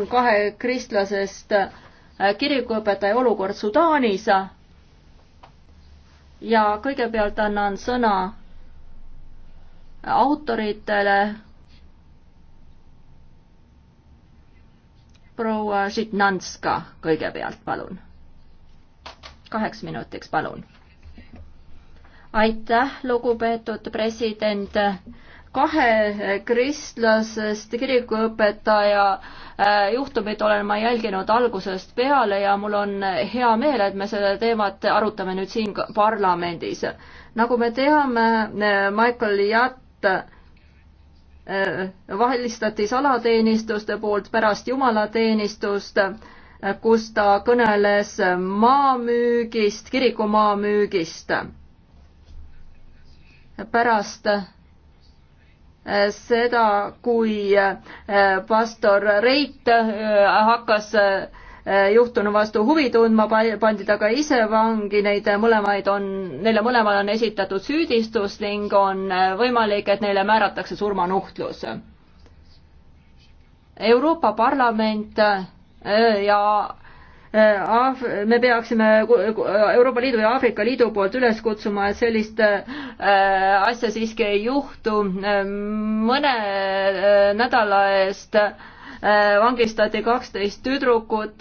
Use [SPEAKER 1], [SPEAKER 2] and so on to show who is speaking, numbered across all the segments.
[SPEAKER 1] on kahe kristlasest äh, kirikuõpetaja olukord Sudaanis. ja kõigepealt annan sõna autoritele. proua Žitnanska kõigepealt, palun. kaheks minutiks, palun aitäh, lugupeetud president kahe kristlasest kirikuõpetaja äh, juhtumit olen ma jälginud algusest peale ja mul on hea meel, et me seda teemat arutame nüüd siin parlamendis. nagu me teame, äh, Michael Jatt äh, vahistati salateenistuste poolt pärast jumalateenistust, kus ta kõneles maamüügist, kirikumaa müügist. pärast seda, kui äh, pastor Reit äh, hakkas äh, juhtunu vastu huvi tundma, pandi ta ka ise vangi, neid mõlemaid on, neile mõlemale on esitatud süüdistus ning on võimalik, et neile määratakse surmanuhtlus. Euroopa Parlament ja Aaf-, äh, me peaksime Euroopa Liidu ja Aafrika Liidu poolt üles kutsuma, et sellist äh, asja siiski ei juhtu. Äh, mõne nädala eest vangistati kaksteist tüdrukut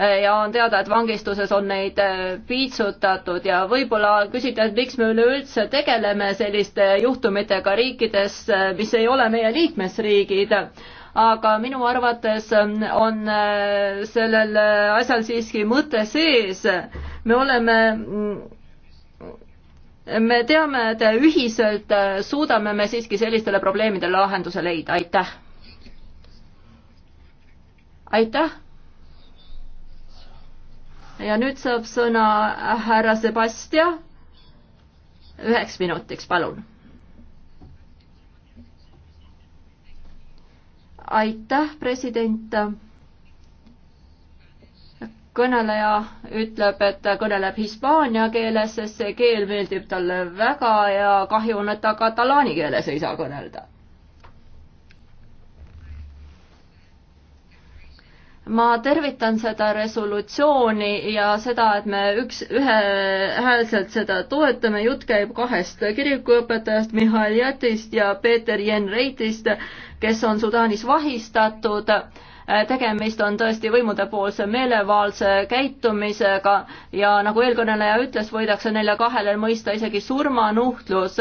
[SPEAKER 1] ja on teada, et vangistuses on neid piitsutatud ja võib-olla küsite, et miks me üleüldse tegeleme selliste juhtumitega riikides, mis ei ole meie liikmesriigid aga minu arvates ähm, on äh, sellel äh, asjal siiski mõte sees. me oleme mm, me teame, et ühiselt äh, suudame me siiski sellistele probleemidele lahenduse leida, aitäh. aitäh. ja nüüd saab sõna härra Sebastia. üheks minutiks, palun aitäh, president. kõneleja ütleb, et ta kõneleb hispaania keeles, sest see keel meeldib talle väga ja kahju on, et ta katalaani keeles ei saa kõnelda. ma tervitan seda resolutsiooni ja seda, et me üks, ühehäälselt seda toetame, jutt käib kahest kirikuõpetajast, Mihhail Jätist ja Peeter Jenreitist, kes on Sudaanis vahistatud. tegemist on tõesti võimudepoolse meelevaldse käitumisega ja nagu eelkõneleja ütles, võidakse neile kahele mõista isegi surmanuhtlus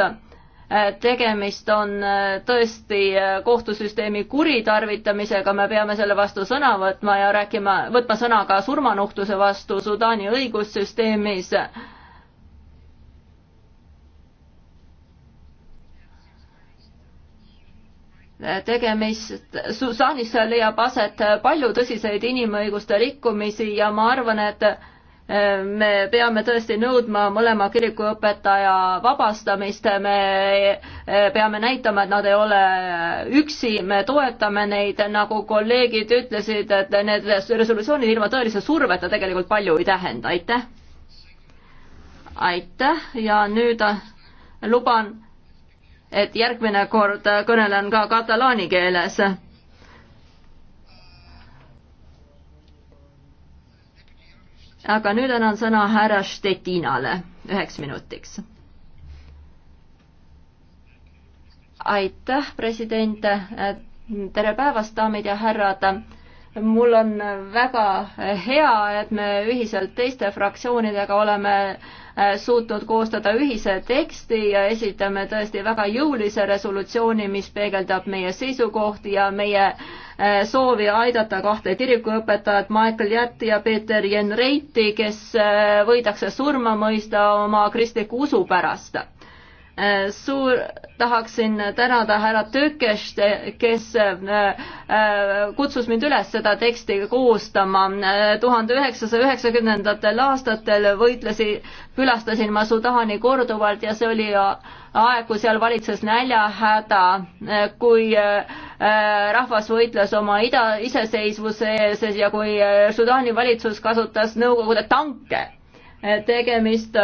[SPEAKER 1] tegemist on äh, tõesti äh, kohtusüsteemi kuritarvitamisega, me peame selle vastu sõna võtma ja rääkima, võtma sõna ka surmanuhtluse vastu Sudaani õigussüsteemis tegemist, Susanis leiab aset palju tõsiseid inimõiguste rikkumisi ja ma arvan, et eh, me peame tõesti nõudma mõlema kirikuõpetaja vabastamist, me eh, peame näitama, et nad ei ole üksi, me toetame neid, nagu kolleegid ütlesid, et need resolutsioonid ilma tõelise surveta tegelikult palju ei tähenda, aitäh. aitäh ja nüüd eh, luban et järgmine kord kõnelen ka katalaani keeles. aga nüüd annan sõna härra Stettinale üheks minutiks. aitäh, president, tere päevast, daamid ja härrad mul on väga hea, et me ühiselt teiste fraktsioonidega oleme äh, suutnud koostada ühise teksti ja esitame tõesti väga jõulise resolutsiooni, mis peegeldab meie seisukohti ja meie äh, soovi aidata kahte kirikuõpetajat, Michael Jätt ja Peeter Jenreiti, kes äh, võidakse surma mõista oma kristliku usu pärast Äh, suur, tahaksin tänada härra Tökest, kes äh, äh, kutsus mind üles seda teksti koostama. tuhande üheksasaja üheksakümnendatel aastatel võitlesi, külastasin ma Sudaani korduvalt ja see oli aeg, kui seal valitses näljahäda, kui rahvas võitles oma ida, iseseisvuse ees ja kui Sudaani valitsus kasutas Nõukogude tanke. tegemist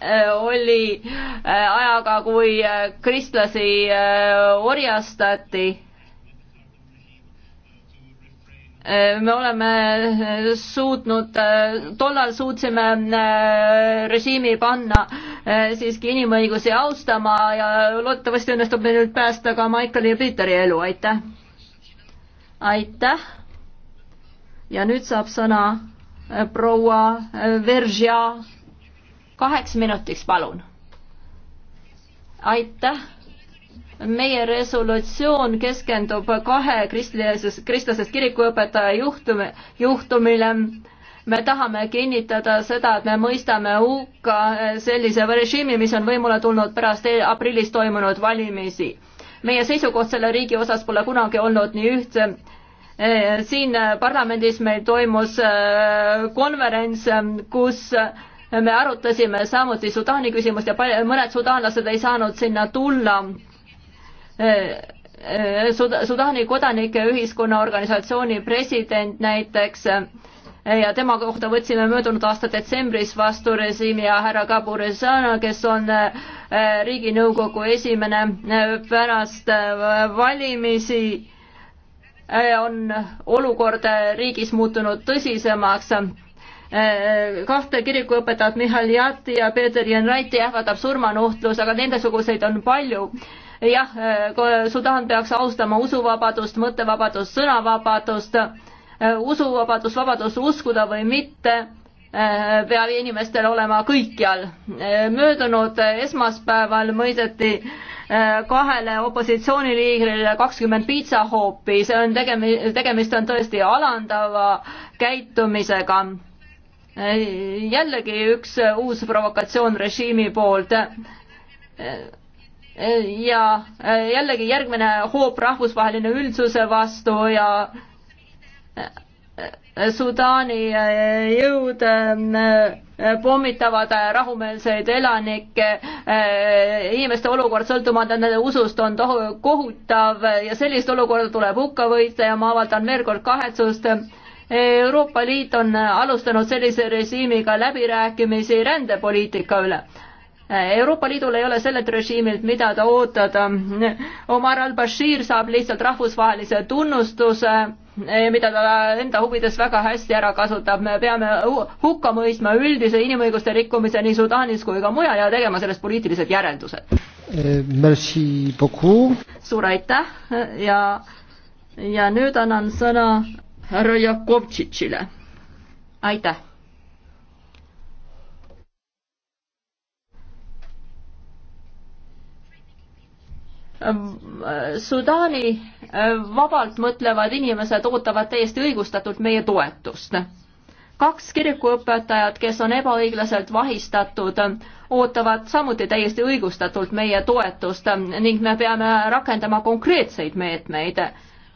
[SPEAKER 1] Äh, oli äh, ajaga, kui äh, kristlasi orjastati. me oleme suutnud, tollal suutsime režiimi panna siiski inimõigusi austama ja loodetavasti õnnestub meil nüüd päästa ka Michaeli ja Peteri elu, aitäh! aitäh! ja nüüd saab sõna proua Veržia kaheks minutiks, palun. aitäh. meie resolutsioon keskendub kahe kristlises, kristlasest kirikuõpetaja juhtumi, juhtumile me tahame kinnitada seda, et me mõistame hukka sellise režiimi, mis on võimule tulnud pärast e- aprillis toimunud valimisi. meie seisukoht selle riigi osas pole kunagi olnud nii ühtse. E, siin parlamendis meil toimus e, konverents, kus me arutasime samuti Sudaani küsimust ja mõned sudaanlased ei saanud sinna tulla. Sud-, Sudaani kodanike ühiskonnaorganisatsiooni president näiteks ja tema kohta võtsime möödunud aasta detsembris vastu režiimi ja härra Kaburizana, kes on riiginõukogu esimene pärast valimisi, on olukord riigis muutunud tõsisemaks Äh, kahte kirikuõpetajat, Mihhail Jati ja Peeter Jenraiti ähvardab surmanuhtlus, aga nendesuguseid on palju. jah, äh, Sudaan peaks austama usuvabadust, mõttevabadust, sõnavabadust, äh, usuvabadus, vabadus uskuda või mitte peab inimestel olema kõikjal. möödunud esmaspäeval mõiseti kahele opositsiooniliigrile kakskümmend piitsahoopi, see on tegemi-, tegemist on tõesti alandava käitumisega jällegi üks uus provokatsioon režiimi poolt. ja jällegi järgmine hoop rahvusvaheline üldsuse vastu ja Sudaani jõud ähm, pommitavad rahumeelseid elanikke, äh, inimeste olukord sõltumata nende usust on tohu-, kohutav ja sellist olukorda tuleb hukka võita ja ma avaldan veel kord kahetsust, Euroopa Liit on alustanud sellise režiimiga läbirääkimisi rändepoliitika üle. Euroopa Liidul ei ole sellelt režiimilt midagi ootada. Omar al-Bashir saab lihtsalt rahvusvahelise tunnustuse, mida ta enda huvides väga hästi ära kasutab. me peame hukka mõistma üldise inimõiguste rikkumise nii Sudaanis kui ka mujal ja tegema sellest poliitilised järeldused.
[SPEAKER 2] Merci beaucoup.
[SPEAKER 1] suur aitäh ja, ja nüüd annan sõna härra Jakovtšitšile. aitäh. Sudaani äh, vabalt mõtlevad inimesed ootavad täiesti õigustatult meie toetust kaks kirikuõpetajat, kes on ebaõiglaselt vahistatud, ootavad samuti täiesti õigustatult meie toetust ning me peame rakendama konkreetseid meetmeid.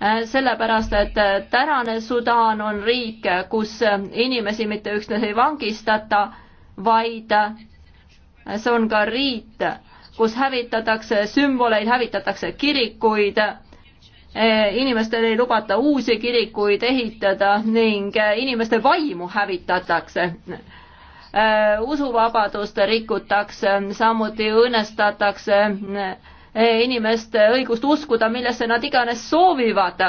[SPEAKER 1] Äh, sellepärast et äh, tänane Sudaan on riik, äh, kus inimesi mitte üksnes ei vangistata, vaid see on ka riit, kus hävitatakse sümboleid, hävitatakse kirikuid, inimestel ei lubata uusi kirikuid ehitada ning inimeste vaimu hävitatakse usuvabadust rikutakse, samuti õõnestatakse inimeste õigust uskuda, millesse nad iganes soovivad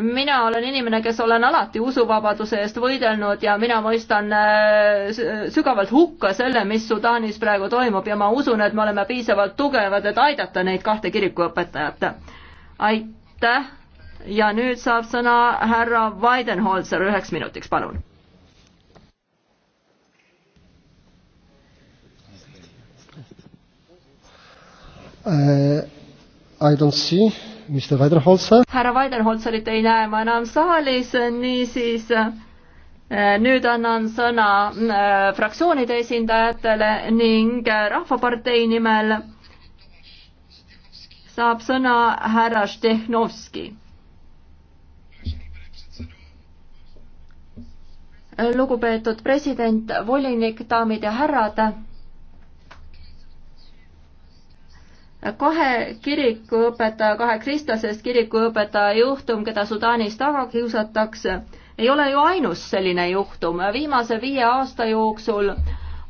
[SPEAKER 1] mina olen inimene, kes olen alati usuvabaduse eest võidelnud ja mina mõistan äh, sügavalt hukka selle, mis Sudaanis praegu toimub ja ma usun, et me oleme piisavalt tugevad, et aidata neid kahte kirikuõpetajat. aitäh ja nüüd saab sõna härra Weidenholzer üheks minutiks, palun
[SPEAKER 2] Uh, I don't see Mr. Weiderholzer.
[SPEAKER 1] härra Weiderholzerit ei näe ma enam saalis, niisiis uh, nüüd annan sõna uh, fraktsioonide esindajatele ning uh, Rahvapartei nimel saab sõna härra Štehnovski. lugupeetud president, volinik, daamid ja härrad kahe kirikuõpetaja, kahe kristlasest kirikuõpetaja juhtum, keda Sudaanis taga kiusatakse, ei ole ju ainus selline juhtum. viimase viie aasta jooksul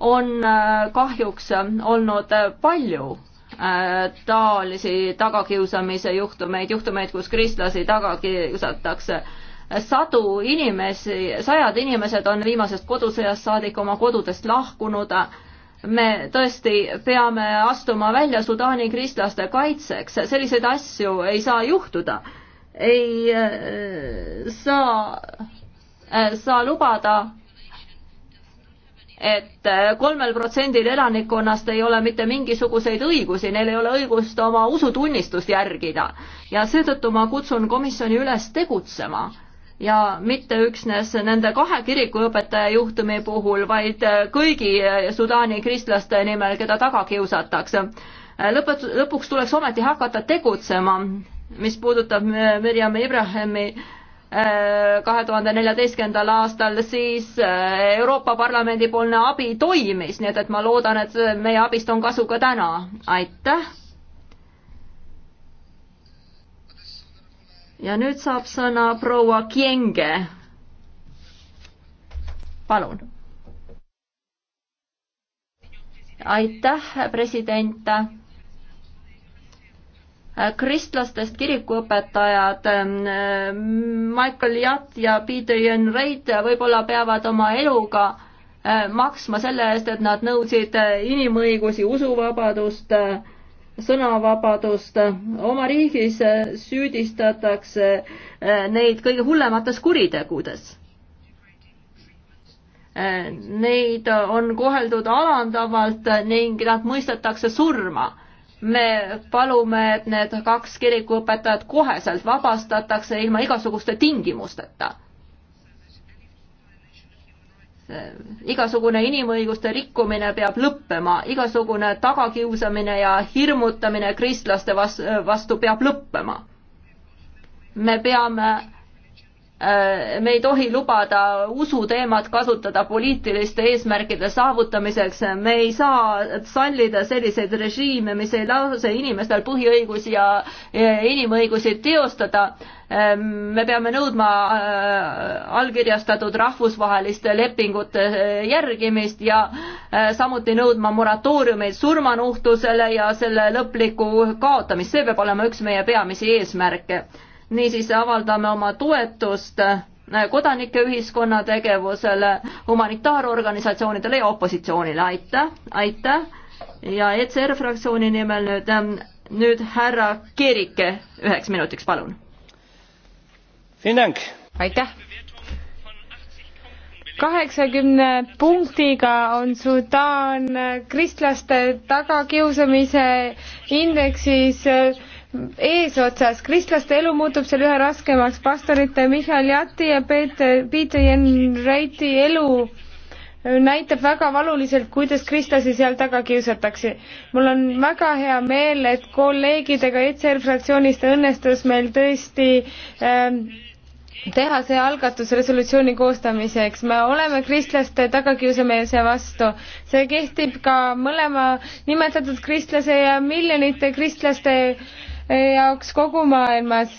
[SPEAKER 1] on äh, kahjuks olnud äh, palju äh, taolisi tagakiusamise juhtumeid, juhtumeid, kus kristlasi taga kiusatakse. sadu inimesi, sajad inimesed on viimasest kodusõjast saadik oma kodudest lahkunud me tõesti peame astuma välja Sudaani kristlaste kaitseks, selliseid asju ei saa juhtuda. ei äh, saa, äh, saa lubada, et äh, kolmel protsendil elanikkonnast ei ole mitte mingisuguseid õigusi, neil ei ole õigust oma usutunnistust järgida ja seetõttu ma kutsun komisjoni üles tegutsema ja mitte üksnes nende kahe kirikuõpetaja juhtumi puhul, vaid äh, kõigi äh, Sudaani kristlaste nimel, keda taga kiusatakse. Äh, lõpet-, lõpuks tuleks ometi hakata tegutsema, mis puudutab Mirjam Ibrahimi kahe tuhande neljateistkümnendal aastal, siis Euroopa Parlamendi poolne abi toimis, nii et, et ma loodan, et meie abist on kasu ka täna. aitäh! ja nüüd saab sõna proua Kienge. palun. aitäh, president kristlastest kirikuõpetajad ähm, Michael Jatt ja Peter Jan Reit võib-olla peavad oma eluga äh, maksma selle eest, et nad nõudsid äh, inimõigusi, usuvabadust äh, sõnavabadust. oma riigis süüdistatakse eh, neid kõige hullemates kuritegudes. Eh, neid on koheldud alandavalt ning nad mõistetakse surma. me palume, et need kaks kirikuõpetajat koheselt vabastatakse ilma igasuguste tingimusteta igasugune inimõiguste rikkumine peab lõppema, igasugune tagakiusamine ja hirmutamine kristlaste vastu peab lõppema. me peame Äh, me ei tohi lubada usuteemat kasutada poliitiliste eesmärkide saavutamiseks, me ei saa sallida selliseid režiime, mis ei lase inimestel põhiõigusi ja inimõigusi teostada. Äh, me peame nõudma äh, allkirjastatud rahvusvaheliste lepingute järgimist ja samuti nõudma moratooriumeid surmanuhtlusele ja selle lõplikku kaotamist, see peab olema üks meie peamisi eesmärke niisiis avaldame oma toetust äh, kodanikeühiskonna tegevusele, humanitaarorganisatsioonidele ja opositsioonile, aitäh, aitäh. ja ECR fraktsiooni nimel nüüd, ähm, nüüd härra Kirike üheks minutiks, palun.
[SPEAKER 2] aitäh kaheksakümne punktiga on Sudaan kristlaste tagakiusamise indeksis äh, eesotsas. kristlaste elu muutub seal üha raskemaks. pastorite Michal Jatti ja Peeter, Peter Jenreiti elu näitab väga valuliselt, kuidas kristlasi seal taga kiusatakse. mul on väga hea meel, et kolleegidega ECR fraktsioonist õnnestus meil tõesti ähm, teha see algatus resolutsiooni koostamiseks. me oleme kristlaste tagakiusameelse vastu. see kehtib ka mõlema nimetatud kristlase ja miljonite kristlaste äh, jaoks kogu maailmas.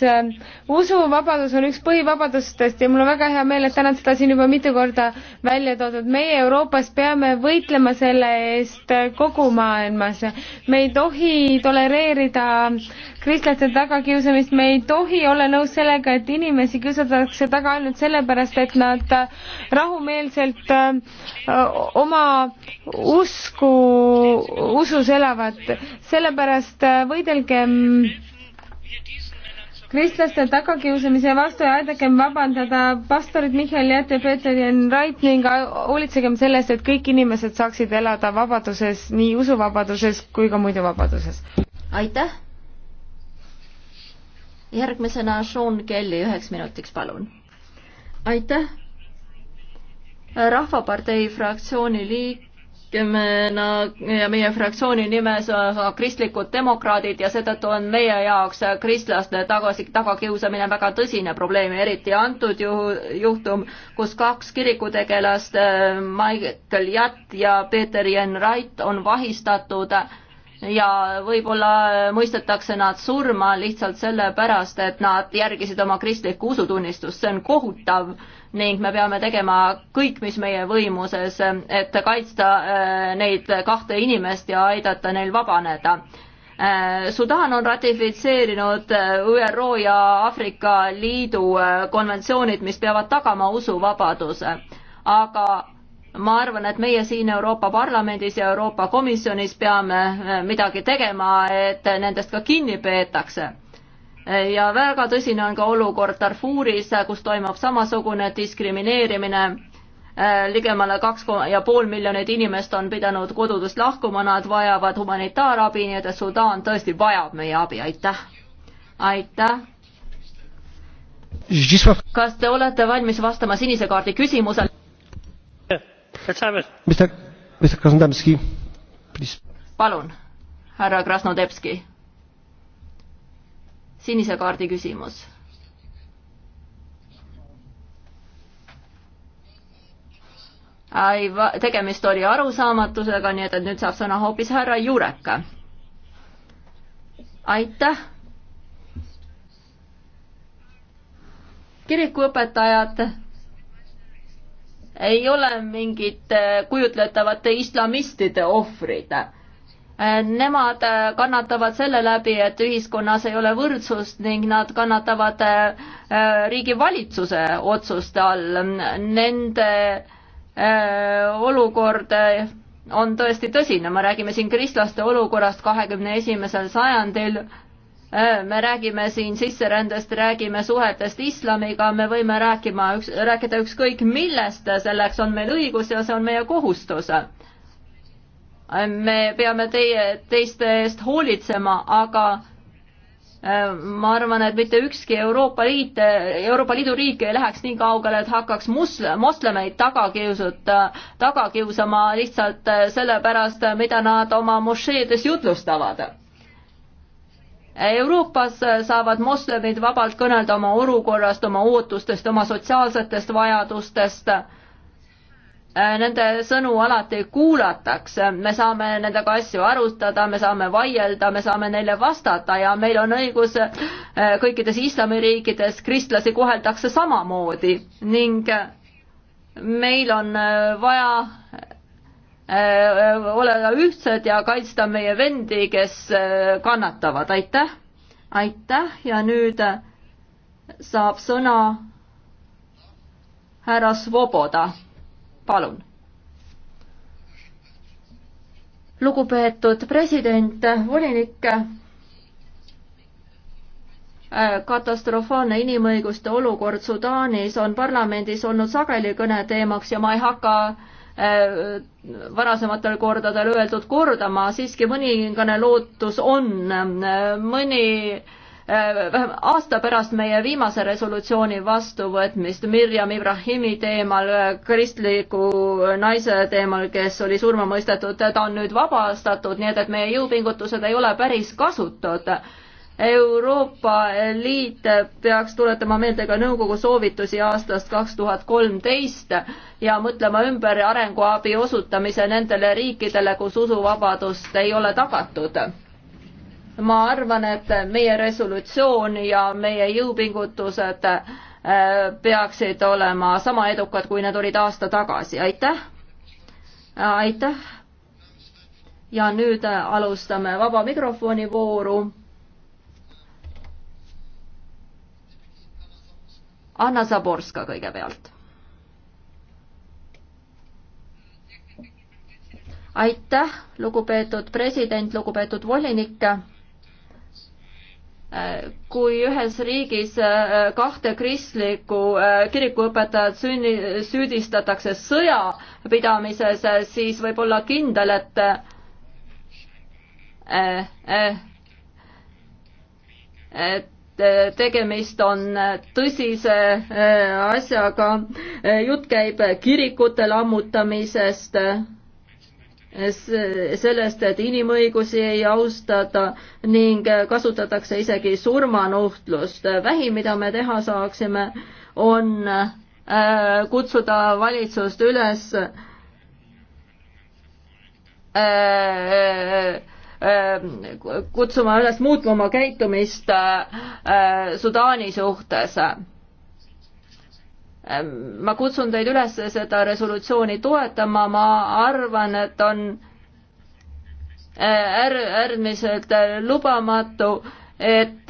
[SPEAKER 2] usuvabadus on üks põhivabadustest ja mul on väga hea meel, et täna seda siin juba mitu korda välja toodud. meie Euroopas peame võitlema selle eest kogu maailmas. me ei tohi tolereerida kristlaste tagakiusamist, me ei tohi olla nõus sellega, et inimesi kiusatakse taga ainult sellepärast, et nad äh, rahumeelselt äh, oma usku, usus elavad. sellepärast äh, võidelgem kristlaste tagakiusamise vastu ja aidakem vabandada pastorid Mihhail Jäte, Peeter Jan Rait ning hoolitsegem sellest, et kõik inimesed saaksid elada vabaduses, nii usuvabaduses kui ka muidu vabaduses. aitäh!
[SPEAKER 1] järgmisena Sean Kelly üheks minutiks, palun. aitäh. rahvapartei fraktsiooni liikmena ja meie fraktsiooni nimes kristlikud demokraadid ja seetõttu on meie jaoks kristlaste tagasi, tagakiusamine väga tõsine probleem ja eriti antud juhu, juhtum, kus kaks kirikutegelast, Michael Jatt ja Peeter Jen Rait on vahistatud ja võib-olla äh, mõistetakse nad surma lihtsalt sellepärast, et nad järgisid oma kristlikku usutunnistust, see on kohutav ning me peame tegema kõik, mis meie võimuses, et kaitsta äh, neid kahte inimest ja aidata neil vabaneda. Äh, Sudaan on ratifitseerinud ÜRO ja Aafrika Liidu konventsioonid, mis peavad tagama usuvabaduse, aga ma arvan, et meie siin Euroopa Parlamendis ja Euroopa Komisjonis peame äh, midagi tegema, et nendest ka kinni peetakse. ja väga tõsine on ka olukord Darfuris, kus toimub samasugune diskrimineerimine äh, ligemale kaks ja pool miljonit inimest on pidanud kodudest lahkuma, nad vajavad humanitaarabi, nii et Sudaan tõesti vajab meie abi, aitäh. aitäh. kas te olete valmis vastama sinise kaardi küsimusele?
[SPEAKER 2] Mr Krasnodebski, please.
[SPEAKER 1] palun, härra Krasnodebski. sinise kaardi küsimus. ei, tegemist oli arusaamatusega, nii et, et nüüd saab sõna hoopis härra Jureka. aitäh kirikuõpetajad ei ole mingite äh, kujutletavate islamistide ohvrid. Äh, nemad äh, kannatavad selle läbi, et ühiskonnas ei ole võrdsust ning nad kannatavad riigi valitsuse otsuste all. Nende olukord on tõesti tõsine, me räägime siin kristlaste olukorrast kahekümne esimesel sajandil Äh, me räägime siin sisserändest, räägime suhetest islamiga, me võime rääkima, rääkida ükskõik millest, selleks on meil õigus ja see on meie kohustus. Äh, me peame teie, teiste eest hoolitsema, aga äh, ma arvan, et mitte ükski Euroopa Liit, Euroopa Liidu riik ei läheks nii kaugele, et hakkaks musle-, moslemeid taga kiusuta, taga kiusama lihtsalt sellepärast, mida nad oma mošeedes jutlustavad Euroopas saavad moslemid vabalt kõnelda oma olukorrast, oma ootustest, oma sotsiaalsetest vajadustest. Nende sõnu alati kuulatakse, me saame nendega asju arutada, me saame vaielda, me saame neile vastata ja meil on õigus eh, kõikides islamiriikides kristlasi koheldakse samamoodi ning meil on eh, vaja Äh, äh, olema ühtsed ja kaitsta meie vendi, kes äh, kannatavad, aitäh. aitäh ja nüüd saab sõna härra Svoboda, palun. lugupeetud president, volinik katastrofaalne inimõiguste olukord Sudaanis on parlamendis olnud sageli kõneteemaks ja ma ei hakka Äh, varasematel kordadel öeldud kordama, siiski mõningane lootus on, mõni äh, vähem aasta pärast meie viimase resolutsiooni vastuvõtmist Mirjam Ibrahimi teemal, kristliku naise teemal, kes oli surma mõistetud, ta on nüüd vabastatud, nii et, et meie jõupingutused ei ole päris kasutud Euroopa Liit peaks tuletama meelde ka nõukogu soovitusi aastast kaks tuhat kolmteist ja mõtlema ümber arenguabi osutamise nendele riikidele, kus usuvabadust ei ole tagatud. ma arvan, et meie resolutsioon ja meie jõupingutused äh, peaksid olema sama edukad, kui need olid aasta tagasi, aitäh! aitäh! ja nüüd äh, alustame vaba mikrofoni vooru Anna Zaborska kõigepealt. aitäh, lugupeetud president, lugupeetud volinik kui ühes riigis äh, kahte kristlikku äh, kirikuõpetajat sünni, süüdistatakse sõjapidamises, äh, siis võib olla kindel, et et et äh, tegemist on äh, tõsise äh, asjaga. jutt käib kirikute lammutamisest, sellest, et inimõigusi ei austata ning kasutatakse isegi surmanuhtlust. vähim, mida me teha saaksime, on kutsuda valitsust üles äh, Ähm, kutsuma üles muutma oma käitumist äh, Sudaani suhtes. Ähm, ma kutsun teid üles seda resolutsiooni toetama, ma arvan, et on äär-, äh, äärmiselt äh, lubamatu, et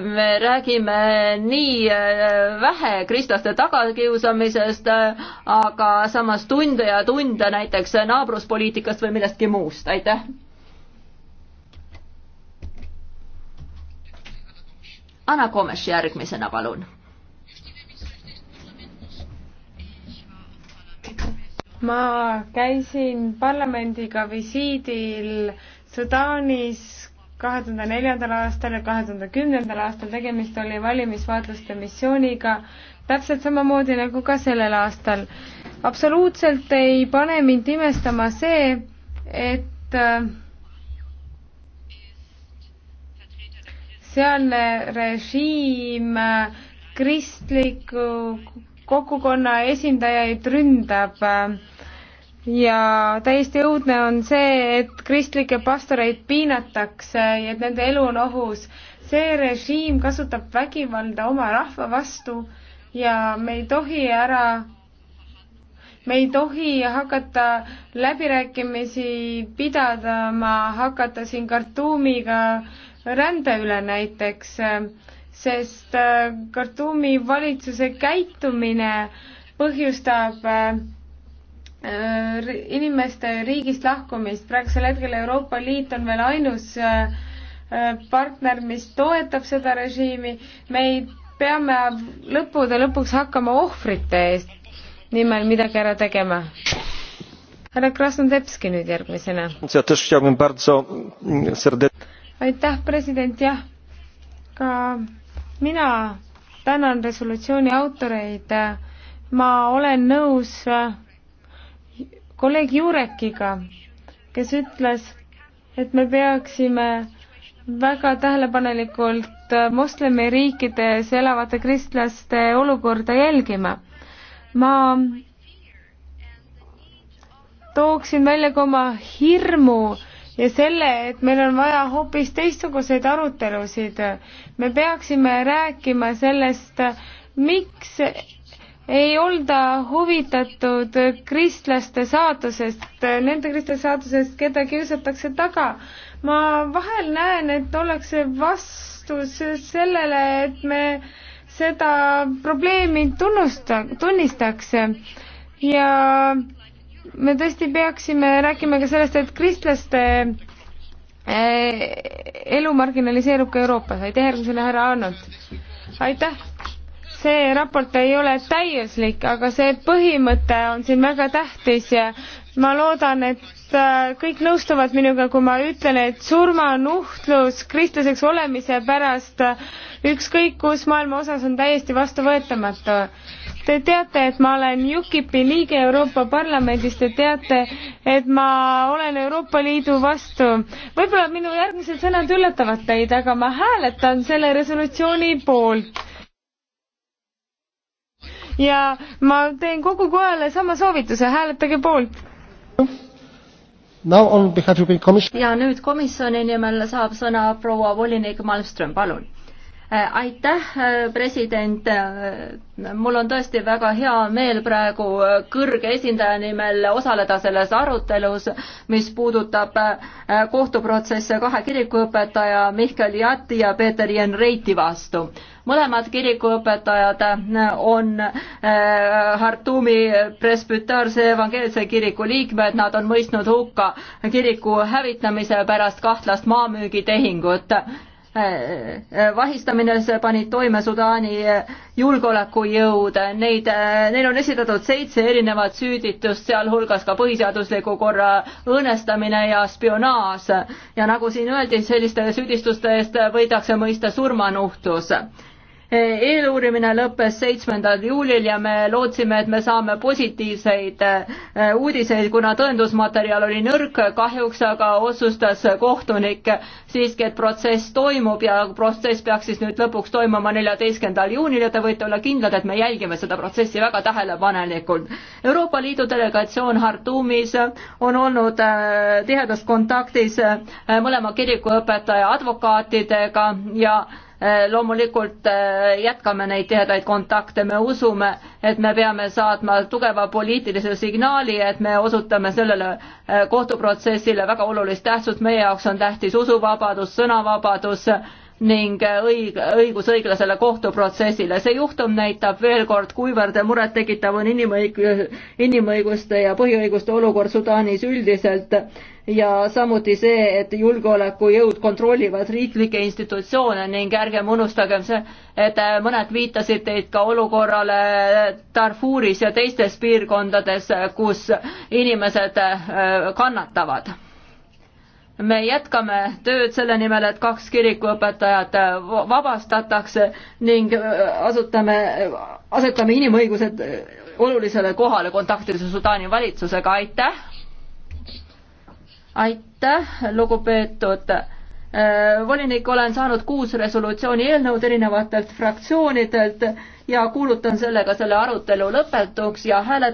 [SPEAKER 1] me räägime nii äh, vähe kristlaste tagakiusamisest, äh, aga samas tunde ja tunde näiteks naabruspoliitikast või millestki muust, aitäh. Anna Komes järgmisena, palun.
[SPEAKER 2] ma käisin parlamendiga visiidil Sudaanis kahe tuhande neljandal aastal ja kahe tuhande kümnendal aastal tegemist oli valimisvaatluste missiooniga, täpselt samamoodi nagu ka sellel aastal. absoluutselt ei pane mind imestama see, et äh, sealne režiim äh, kristliku kogukonna esindajaid ründab äh, ja täiesti õudne on see, et kristlikke pastoreid piinatakse ja et nende elu on ohus. see režiim kasutab vägivalda oma rahva vastu ja me ei tohi ära, me ei tohi hakata läbirääkimisi pidama, hakata siin Khartoumiga rände üle näiteks, sest äh, Khartoumi valitsuse käitumine põhjustab äh, Äh, inimeste riigist lahkumist. praegusel hetkel Euroopa Liit on veel ainus äh, äh, partner, mis toetab seda režiimi. me ei, peame lõppude lõpuks hakkama ohvrite eest nimel midagi ära tegema. härra Krasnodebski nüüd järgmisena. Mm, aitäh, president, jah. ka mina tänan resolutsiooni autoreid. ma olen nõus kolleeg Jurekiga, kes ütles, et me peaksime väga tähelepanelikult moslemiriikides elavate kristlaste olukorda jälgima. ma tooksin välja ka oma hirmu ja selle, et meil on vaja hoopis teistsuguseid arutelusid. me peaksime rääkima sellest, miks ei olda huvitatud kristlaste saatusest, nende kristlaste saatusest, keda kiusatakse taga. ma vahel näen, et ollakse vastus sellele, et me seda probleemi tunnusta, tunnistaks ja me tõesti peaksime rääkima ka sellest, et kristlaste eh, elu marginaliseerub ka Euroopas. aitäh järgmisele, härra Arnold! aitäh! see raport ei ole täiuslik, aga see põhimõte on siin väga tähtis ja ma loodan, et äh, kõik nõustuvad minuga, kui ma ütlen, et surmanuhtlus kristlaseks olemise pärast äh, ükskõik kus maailma osas on täiesti vastuvõetamatu. Te teate, et ma olen UKIP-i liige Euroopa Parlamendis, te teate, et ma olen Euroopa Liidu vastu. võib-olla minu järgmised sõnad üllatavad teid, aga ma hääletan selle resolutsiooni poolt ja ma teen kogu kojale sama soovituse, hääletage poolt.
[SPEAKER 1] ja nüüd komisjoni nimel saab sõna proua volinik Malmström, palun Äh, aitäh, äh, president. Äh, mul on tõesti väga hea meel praegu kõrge esindaja nimel osaleda selles arutelus, mis puudutab kohtuprotsesse kahe kirikuõpetaja Mihkel Jatti ja Peeter Jen Reiti vastu. mõlemad kirikuõpetajad on Hartumi presbütaarse evangeelse kiriku liikmed, nad on mõistnud hukka kiriku hävitamise pärast kahtlast maamüügitehingut Äh, äh, vahistamine panid toime Sudaani äh, julgeolekujõud, neid, neil on esitatud seitse erinevat süüditust, sealhulgas ka põhiseadusliku korra õõnestamine ja spionaaž. ja nagu siin öeldi, selliste süüdistuste eest võidakse mõista surmanuhtlus eeluurimine lõppes seitsmendal juulil ja me lootsime, et me saame positiivseid äh, uudiseid, kuna tõendusmaterjal oli nõrk, kahjuks aga otsustas kohtunik siiski, et protsess toimub ja protsess peaks siis nüüd lõpuks toimuma neljateistkümnendal juunil ja te võite olla kindlad, et me jälgime seda protsessi väga tähelepanelikult. Euroopa Liidu delegatsioon Hartumis on olnud äh, tihedas kontaktis äh, mõlema kirikuõpetaja advokaatidega ja Eh, loomulikult eh, jätkame neid tihedaid kontakte, me usume, et me peame saatma tugeva poliitilise signaali, et me osutame sellele eh, kohtuprotsessile väga olulist tähtsust, meie jaoks on tähtis usuvabadus, sõnavabadus ning õig-, õigus õiglasele kohtuprotsessile. see juhtum näitab veel kord, kuivõrd murettekitav on inimõig-, inimõiguste ja põhiõiguste olukord Sudaanis üldiselt ja samuti see, et julgeolekujõud kontrollivad riiklikke institutsioone ning ärgem unustagem see, et äh, mõned viitasid teid ka olukorrale Darfuris ja teistes piirkondades, kus inimesed äh, kannatavad. me jätkame tööd selle nimel, et kaks kirikuõpetajat äh, vabastatakse ning asutame, asetame inimõigused olulisele kohale kontaktides Sudaani valitsusega, aitäh! aitäh, lugupeetud äh, volinik, olen saanud kuus resolutsiooni eelnõud erinevatelt fraktsioonidelt ja kuulutan sellega selle arutelu lõpetuks ja hääletan